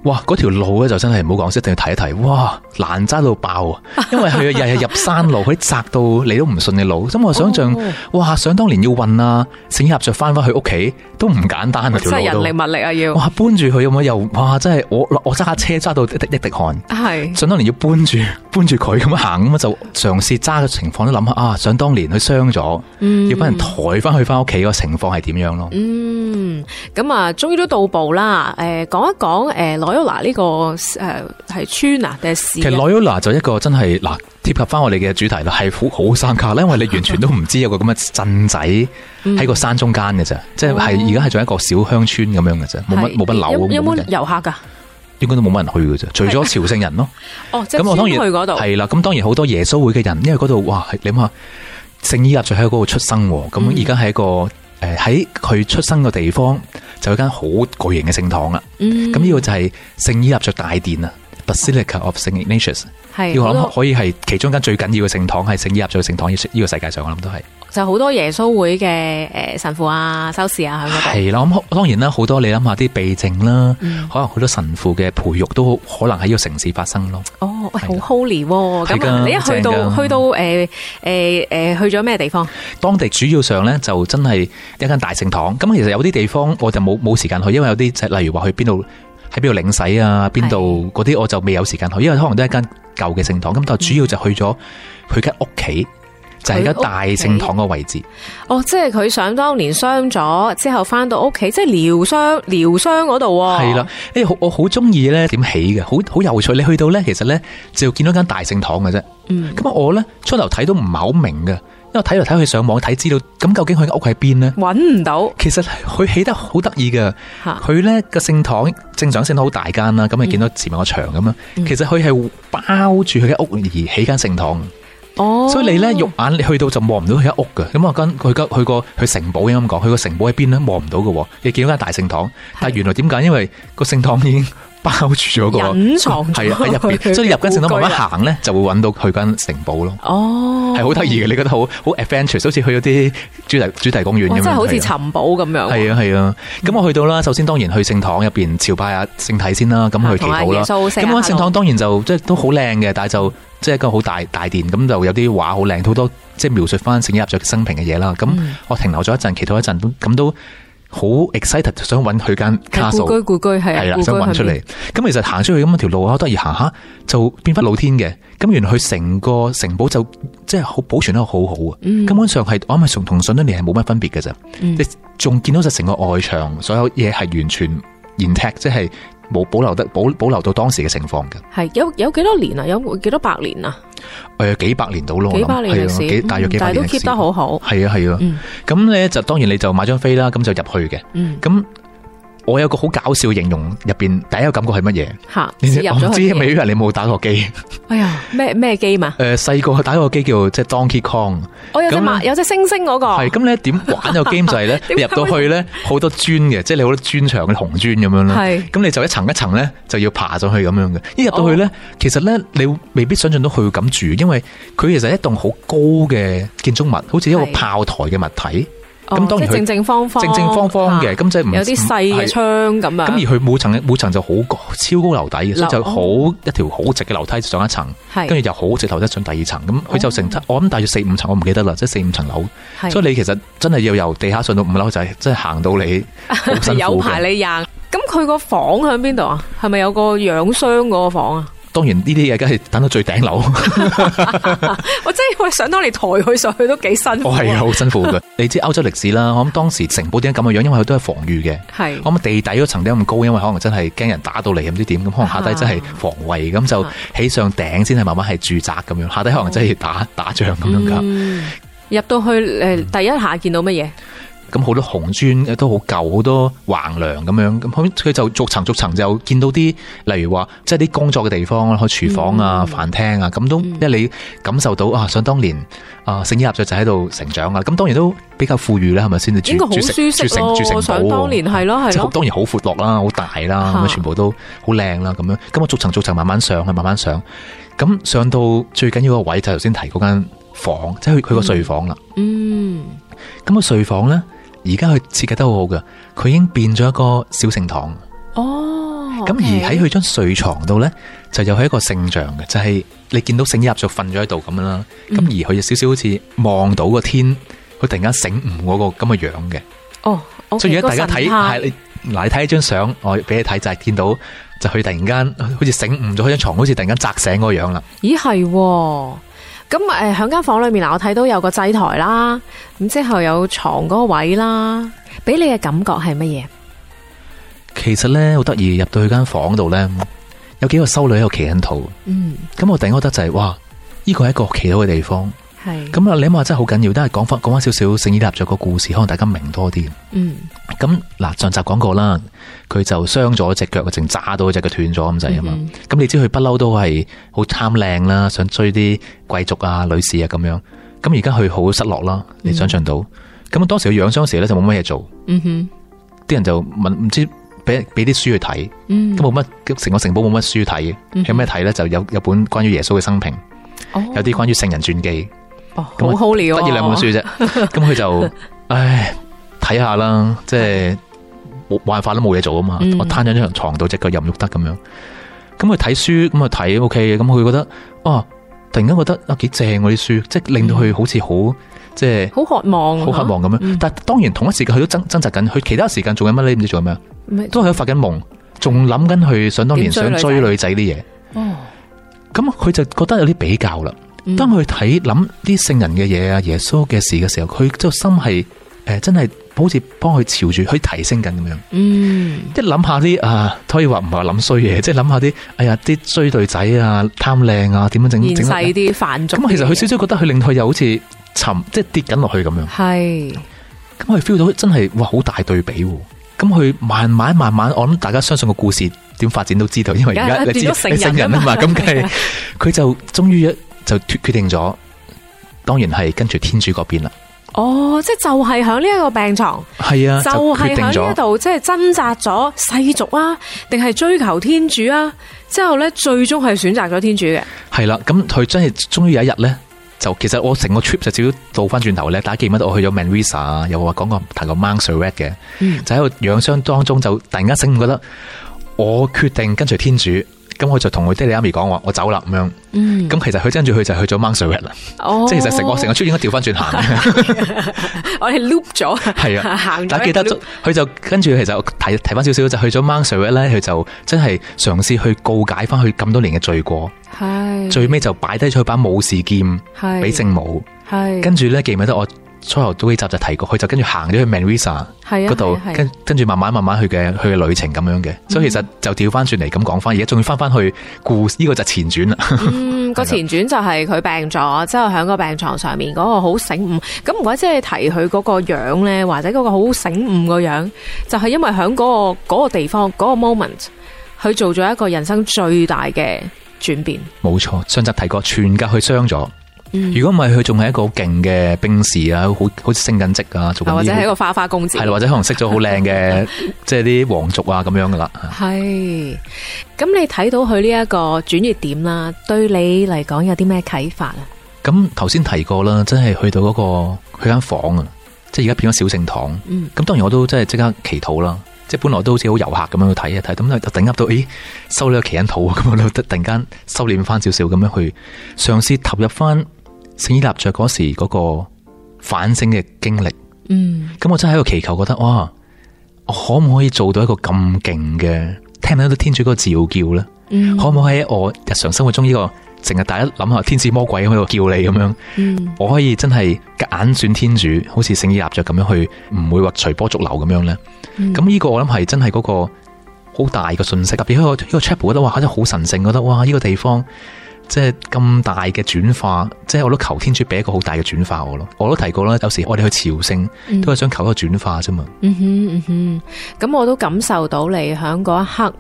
哇！嗰條路咧就真係唔好講，一定要睇一睇。哇！難揸到爆啊！因為佢日日入山路，佢窄到你都唔信嘅路。咁我想象，哦、哇！想當年要運啊，成日着翻翻去屋企都唔簡單啊！即人力物力啊要哇搬又。哇！搬住佢咁啊又哇！真係我我揸車揸到一滴滴汗。係。想當年要搬住搬住佢咁行咁就嘗試揸嘅情況都諗下啊！想當年佢傷咗，嗯、要俾人抬翻去翻屋企個情況係點樣咯？嗯，咁啊，終於都到步啦。誒，講一講誒。羅歐娜呢個誒係、呃、村，啊定係其實羅娜就是一個真係嗱貼合翻我哋嘅主題啦，係好好山卡啦，因為你完全都唔知有個咁嘅鎮仔喺 個山中間嘅啫，嗯、即係係而家係做一個小鄉村咁樣嘅啫，冇乜冇乜樓咁樣。有冇遊客噶？應該都冇乜人去噶啫，除咗朝聖人咯。是啊、 哦，咁我當然去嗰度係啦。咁當然好多耶穌會嘅人，因為嗰度哇，你諗下聖依納爵喺嗰度出生，咁而家喺個誒喺佢出生嘅地方。就有一間好巨型嘅聖堂啦、mm，咁呢個就係聖依納爵大殿啊，Basilica of Saint Ignatius，要我諗可以係其中一間最緊要嘅聖堂，係聖依納爵聖堂呢個世界上，我諗都係。就好多耶穌會嘅誒神父啊、修士啊喺嗰度係啦，咁當然啦，好多你諗下啲避靜啦，嗯、可能好多神父嘅培育都可能喺呢個城市發生咯。哦，好 holy 咁，啊、的你一去到去到誒誒誒去咗咩、呃呃呃、地方？當地主要上咧就真係一間大聖堂。咁其實有啲地方我就冇冇時間去，因為有啲例如話去邊度喺邊度領洗啊，邊度嗰啲我就未有時間去，因為可能都係一間舊嘅聖堂。咁但係主要就去咗佢間屋企。就係而家大聖堂嘅位置家，哦，即係佢想當年傷咗之後翻到屋企，即係療傷療傷嗰度啊。係啦，你我好中意咧點起嘅，好好有趣。你去到咧，其實咧就見到間大聖堂嘅啫。咁啊、嗯，我咧初頭睇都唔係好明嘅，因為睇嚟睇去上網睇，看知道咁究竟佢嘅屋喺邊咧，搵唔到。其實佢起得好得意嘅，吓，佢咧個聖堂正常性得好大間啦，咁你、嗯、見到前面個牆咁樣，嗯、其實佢係包住佢嘅屋而起間聖堂。所以你咧肉眼你去到就望唔到佢一屋嘅，咁我跟佢去個去城堡啱啱講，去個城堡喺邊咧望唔到嘅，你見到間大聖堂，但係原來點解？因為個聖堂已經包住咗個，係啊喺入邊，所以入間聖堂慢慢行咧，就會揾到去間城堡咯。哦，係好得意嘅，你覺得好好 adventurous，好似去咗啲主題主題公園咁樣，真係好似尋寶咁樣。係啊係啊，咁我去到啦，首先當然去聖堂入邊朝拜下聖體先啦，咁去祈禱啦。咁啊聖堂當然就即係都好靚嘅，但係就。即係一個好大大殿，咁就有啲畫好靚，好多即係描述翻聖約翰生平嘅嘢啦。咁我停留咗一陣，期待一陣，咁都好 excited 想搵佢間卡素居故居係啊，了古居 想搵出嚟。咁那邊 其實行出去咁樣條路啊，都而行下就變翻露天嘅。咁原來佢成個城堡就即係好保存得好好啊，嗯、根本上係我咪從同上一年係冇乜分別嘅啫。嗯、你仲見到就成個外牆所有嘢係完全 intact，即係。冇保留得保保留到當時嘅情況嘅，係有有幾多年啊？有幾多百年啊？誒幾百年到咯，我幾百年歷史，大約幾百年都 keep、嗯、得好好。係啊係啊，咁咧、嗯、就當然你就買張飛啦，咁就入去嘅，嗯，咁。我有個好搞笑形容入邊，第一個感覺係乜嘢？吓，我唔知因為你冇打過機。哎呀，咩咩機嘛？誒，細個打過機叫即係 Donkey Kong。我有隻，有隻星星嗰個。係咁，你點玩個 game 就係咧？入到去咧，好多磚嘅，即係你好多磚牆嘅紅磚咁樣咯。咁你就一層一層咧，就要爬上去咁樣嘅。一入到去咧，其實咧，你未必想象到佢會咁住，因為佢其實一棟好高嘅建築物，好似一個炮台嘅物體。咁當然正正方方，正正方方嘅，咁即係有啲細窗咁啊。咁而佢每層每層就好高超高樓底，樓所以就好、哦、一條好直嘅樓梯就上一層，跟住就好直頭梯上第二層。咁佢、哦、就成我諗大約四五層，我唔記得啦，即、就、係、是、四五層樓。是所以你其實真係要由地下上，上到五樓，就係即係行到你 有排你呀。咁佢個房喺邊度啊？係咪有個養傷嗰個房啊？當然呢啲嘢梗係等到最頂樓，我真係會想當你抬佢上去都幾辛苦，我係啊好辛苦噶你知歐洲歷史啦，我諗當時城堡點解咁嘅樣？因為佢都係防禦嘅，係。是 我諗地底嗰層點解咁高？因為可能真係驚人打到嚟，唔知點咁，可能下低真係防衛，咁、啊、就起上頂先係慢慢係住宅咁樣，下低可能真係打、哦、打仗咁樣噶、嗯。入到去誒，呃嗯、第一下見到乜嘢？咁好多紅磚都好舊，好多橫梁咁樣。咁佢就逐層逐層就見到啲，例如話即係啲工作嘅地方，去廚房啊、飯廳啊，咁都即係你感受到啊，想當年啊，聖伊納爵就喺度成長啊。咁當然都比較富裕啦，係咪先？住住住住城堡。想當年係咯，係。當然好闊落啦，好大啦，咁全部都好靚啦，咁樣。咁啊，逐層逐層慢慢上去，慢慢上。咁上到最緊要個位就頭先提嗰間房，即係去佢個睡房啦。嗯。咁啊，個睡房咧～而家佢設計得好好嘅，佢已經變咗一個小聖堂。哦，咁而喺佢張睡床度咧，就又係一個聖像嘅，就係、是、你見到聖約就瞓咗喺度咁樣啦。咁、嗯、而佢有少少好似望到個天，佢突然間醒悟嗰個咁嘅樣嘅。哦，oh, okay, 所以而家大家睇係你嗱，你睇一張相，我俾你睇就係、是、見到就佢突然間好似醒悟咗，佢張床好似突然間扎醒嗰個樣啦。咦，係？咁誒，喺間房裏面嗱，我睇到有個祭台啦，咁之後有床嗰個位啦，俾你嘅感覺係乜嘢？其實咧好得意，入到去間房度咧，有幾個修女喺度祈緊禱。嗯，咁我突然覺得就係、是，哇，呢個係一個祈禱嘅地方。係咁啊！是你咁話真係好緊要，都係講翻講翻少少聖依納爵個故事，可能大家明多啲。嗯，咁嗱，上集講過啦，佢就傷咗隻腳，淨炸到隻腳斷咗咁滯啊嘛。咁、嗯、哼你知佢不嬲都係好貪靚啦，想追啲貴族啊、女士啊咁樣。咁而家佢好失落啦，你想象到？咁、嗯、當時佢養傷時咧就冇咩嘢做。啲、嗯、哼人就問，唔知俾俾啲書去睇。咁冇乜，成個城堡冇乜書睇。嗯、哼有咩睇咧？就有有本關於耶穌嘅生平，哦、有啲關於聖人傳記。好好了，不如兩本書啫。咁佢 就，唉，睇下啦，即係冇辦法都冇嘢做啊嘛。嗯、我攤咗張床度隻腳又唔郁得咁樣。咁佢睇書咁啊睇，O K。咁佢、OK，覺得，哦、啊，突然間覺得啊幾正嗰啲書，即係令到佢好似好，即係好渴望，好渴望咁樣。啊、但係當然同一時間佢都爭掙扎緊，佢其他時間做緊乜你唔知做緊咩啊？麼都係發緊夢，仲諗緊佢想當年想追女仔啲嘢。哦，咁佢就覺得有啲比較啦。當佢睇諗啲聖人嘅嘢啊，耶穌嘅事嘅時候，佢就心係誒、欸，真係好似幫佢朝住去提升緊咁樣。嗯，即係諗下啲啊，可以話唔係話諗衰嘢，即係諗下啲哎呀啲衰對仔啊，貪靚啊，點樣整整啲。咁其實佢少少覺得佢令佢又好似沉，即係跌緊落去咁樣。係是，咁佢 feel 到真係哇，好大對比。咁佢慢慢慢慢，我諗大家相信個故事點發展都知道，因爲而家你知聖人啊嘛，咁佢佢就終、是、於的就決定咗，當然係跟住天主嗰邊啦。哦，即係就係喺呢一個病床，係啊，就係喺呢度，即係掙扎咗世俗啊，定係追求天主啊？之後咧，最終係選擇咗天主嘅。係啦，咁佢真係終於有一日咧，就其實我成個 trip 就少少倒翻轉頭咧，大家記唔記得我去咗 Manresa，又話講過提過 Montserrat 嘅，的嗯、就喺個養傷當中就突然間醒悟覺得，我決定跟隨天主。咁我就同佢爹哋媽咪講話，我走啦咁樣。咁、嗯、其實佢跟住佢就去咗 Monsoy 啦，即係其實成 我成個出應該調翻轉行，我哋係 loop 咗。係啊，了但係記得佢就，就跟住其實我提翻少少就去咗 Monsoy 咧，佢就真係嘗試去告解翻佢咁多年嘅罪過。係是 最尾就擺低咗佢把武士劍，俾正武，係跟住咧記唔記得我？初頭都幾集就提過，佢就跟住行咗去 Manresa 嗰度，啊啊啊，跟跟住慢慢慢慢去嘅去嘅旅程咁樣嘅，嗯、所以其實就調翻轉嚟，咁講翻，而家仲要翻翻去故事，呢、這個就前傳啦。嗯，個前傳就係佢病咗，之後喺個病床上面嗰、那個好醒悟。咁唔怪之係提佢嗰個樣咧，或者嗰個好醒悟個樣，就係、是、因為喺嗰、那個、那個地方嗰、那個 moment，佢做咗一個人生最大嘅轉變。冇錯，上集提過，全架佢傷咗。如果唔係，佢仲係一個好勁嘅兵士啊，好似升緊職啊，做嗰啲，或者係一個花花公子，係或者可能識咗好靚嘅，即係啲皇族啊咁樣噶啦。係，咁你睇到佢呢一個轉折點啦，對你嚟講有啲咩啟發啊？咁頭先提過啦，真係去到嗰、嗰個佢間房啊，即係而家變咗小聖堂。嗯，咁當然我都真係即刻祈禱啦，即係本來都好似好遊客咁樣去睇一睇，咁突然間到，咦，收咗個祈恩土，咁我突然間收斂翻少少，咁樣去嘗試投入翻。聖依納爵嗰時嗰個反省嘅經歷，嗯，咁我真係喺度祈求，覺得哇，我可唔可以做到一個咁勁嘅，聽到天主嗰個召叫咧，嗯、可唔可以喺我日常生活中呢、這個，成日大家諗下天使魔鬼喺度叫你咁樣，嗯、我可以真係硬轉天主，好似聖依納爵咁樣去，唔會話隨波逐流咁樣咧，咁呢、嗯、個我諗係真係嗰個好大嘅信息，特別喺個呢個 chapel，覺得哇真係好神聖，覺得哇呢、這個地方。即係咁大嘅轉化，即係我都求天主俾一個好大嘅轉化我咯。我都提過啦，有時我哋去朝聖都係想求一個轉化啫嘛、嗯。嗯哼嗯哼，咁我都感受到你喺嗰一刻，誒、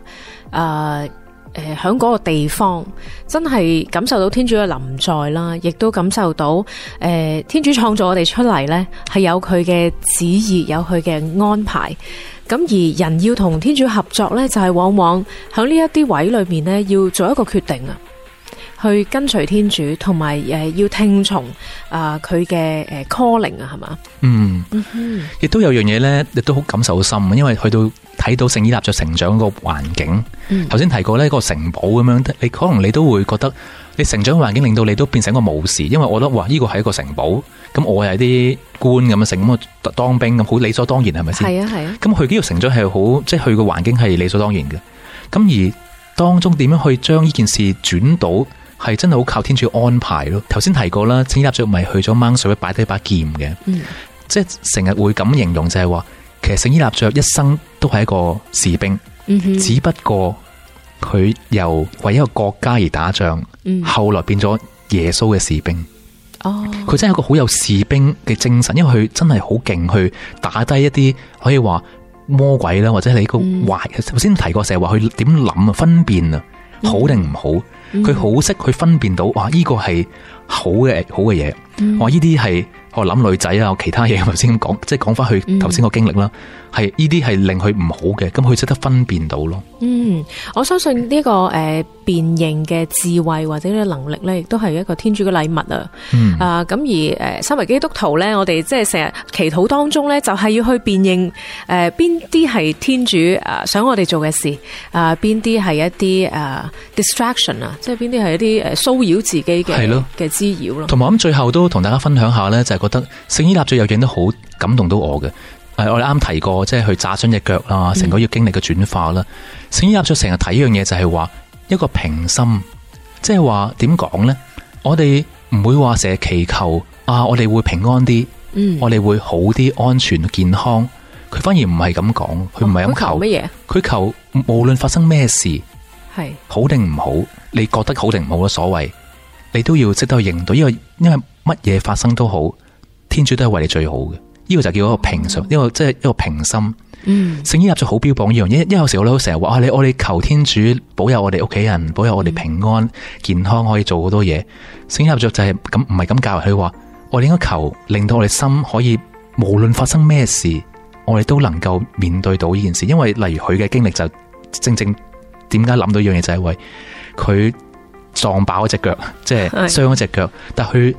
呃、誒，喺嗰個地方真係感受到天主嘅臨在啦，亦都感受到誒、呃、天主創造我哋出嚟咧，係有佢嘅旨意，有佢嘅安排。咁而人要同天主合作咧，就係、是、往往喺呢一啲位裏面咧，要做一個決定啊。去跟隨天主，同埋誒要聽從啊佢嘅誒 calling 啊，係嘛？嗯，亦、嗯、哼都有樣嘢咧，亦都好感受深，因為去到睇到聖依納爵成長個環境，頭先、嗯、提過呢、呢個城堡咁樣，你可能你都會覺得你成長環境令到你都變成一個武士，因為我覺得哇，呢個係一個城堡，咁我係啲官咁樣成咁我當兵咁好理所當然係咪先？係啊係啊，咁佢呢個成長係好即係佢個環境係理所當然嘅，咁而當中點樣去將呢件事轉到？係真係好靠天主安排咯。頭先提過啦，聖依納爵咪去咗掹水擺低一把劍嘅。嗯、即係成日會咁形容，就係話，其實聖依納爵一生都係一個士兵。嗯、哼只不過佢由為一個國家而打仗，嗯、後來變咗耶穌嘅士兵。哦，佢真係一個好有士兵嘅精神，因為佢真係好勁去打低一啲可以話魔鬼啦，或者係一個壞。頭先、嗯、提過，成日話佢點諗啊，分辨啊，好定唔好。嗯佢好識去分辨到，哇！依個係好嘅好嘅嘢，哇！呢啲係。我諗女仔啊，其他嘢，頭先咁講，即係講翻去頭先個經歷啦，係呢啲係令佢唔好嘅，咁佢識得分辨到咯。嗯，我相信呢個誒辨認嘅智慧或者呢個能力咧，亦都係一個天主嘅禮物啊。啊、嗯，咁而誒身為基督徒咧，我哋即係成日祈禱當中咧，就係要去辨認誒邊啲係天主啊想我哋做嘅事啊，邊啲係一啲誒 distraction 啊，即係邊啲係一啲誒騷擾自己嘅係咯嘅滋擾咯。同埋咁，我諗最後都同大家分享下咧，就係、是。覺得聖依納爵有影得好感動到我嘅，誒、啊，我哋啱提過，即係去炸傷隻腳啊，成個要經歷嘅轉化啦。聖依納爵成日睇呢樣嘢，就係、是、話一個平心，即係話點講呢？我哋唔會話成日祈求啊，我哋會平安啲，嗯、我哋會好啲、安全、健康。佢反而唔係咁講，佢唔係咁求乜嘢，佢、哦、求，求無論發生咩事，係是好定唔好，你覺得好定唔好都所謂，你都要識得去應對、這個，因為因為乜嘢發生都好。天主都係為你最好嘅，呢、這個就叫一個平常，呢、嗯、個即係一,一個平心。嗯，聖依納爵好標榜呢樣嘢，因為有時我哋都成日話啊，你我哋求天主保佑我哋屋企人，保佑我哋平安、嗯、健康，可以做好多嘢。聖依納爵就係咁，唔係咁教佢話，他說我哋應該求令到我哋心可以無論發生咩事，我哋都能夠面對到呢件事。因為例如佢嘅經歷就正正點解諗到呢樣嘢就係因為佢撞爆一隻腳，即、就、係、是、傷一隻腳，是但佢。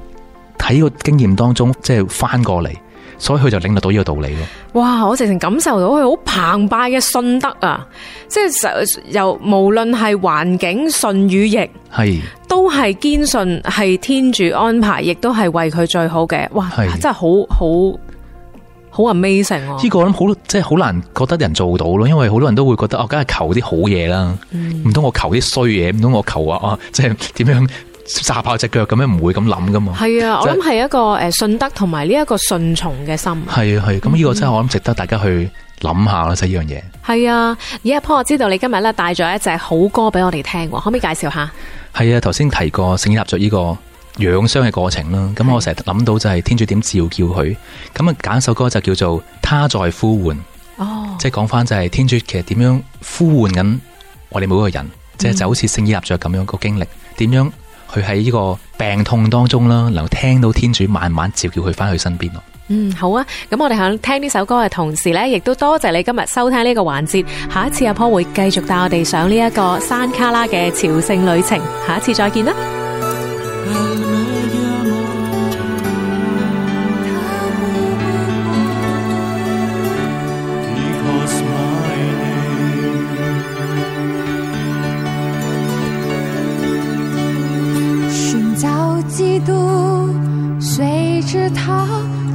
睇呢個經驗當中，即係翻過嚟，所以佢就領略到呢個道理咯。哇！我直情感受到佢好澎湃嘅信德啊！即係由無論係環境順與逆，係是都係堅信係天主安排，亦都係為佢最好嘅。哇！是啊、真係好好好 amazing！呢個諗好即係好難，覺得人做到咯，因為好多人都會覺得哦，梗、啊、係求啲好嘢啦，唔通、嗯、我求啲衰嘢？唔通我求啊？哦，即係點樣？炸爆隻腳咁樣，唔會咁諗噶嘛？係啊，我諗係一個誒，信德同埋呢一個順從嘅心。係、就是、啊，係咁呢個真係我諗值得大家去諗下啦，即係呢樣嘢。係、就是、啊，而阿波我知道你今日咧帶咗一隻好歌俾我哋聽，可唔可以介紹下？係啊，頭先提過聖依納爵呢個養傷嘅過程啦。咁、啊、我成日諗到就係天主點召叫佢咁啊，揀首歌就叫做《他在呼喚》哦，即係講翻就係天主其實點樣呼喚緊我哋每個人，即係、嗯、就，就好似聖依納爵咁樣個經歷，點樣？佢喺呢個病痛當中啦，能聽到天主慢慢召叫佢翻去身邊咯。嗯，好啊，咁我哋響聽呢首歌嘅同時呢，亦都多謝你今日收聽呢個環節。下一次阿婆會繼續帶我哋上呢一個山卡拉嘅朝聖旅程。下一次再見啦。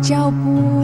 腳步。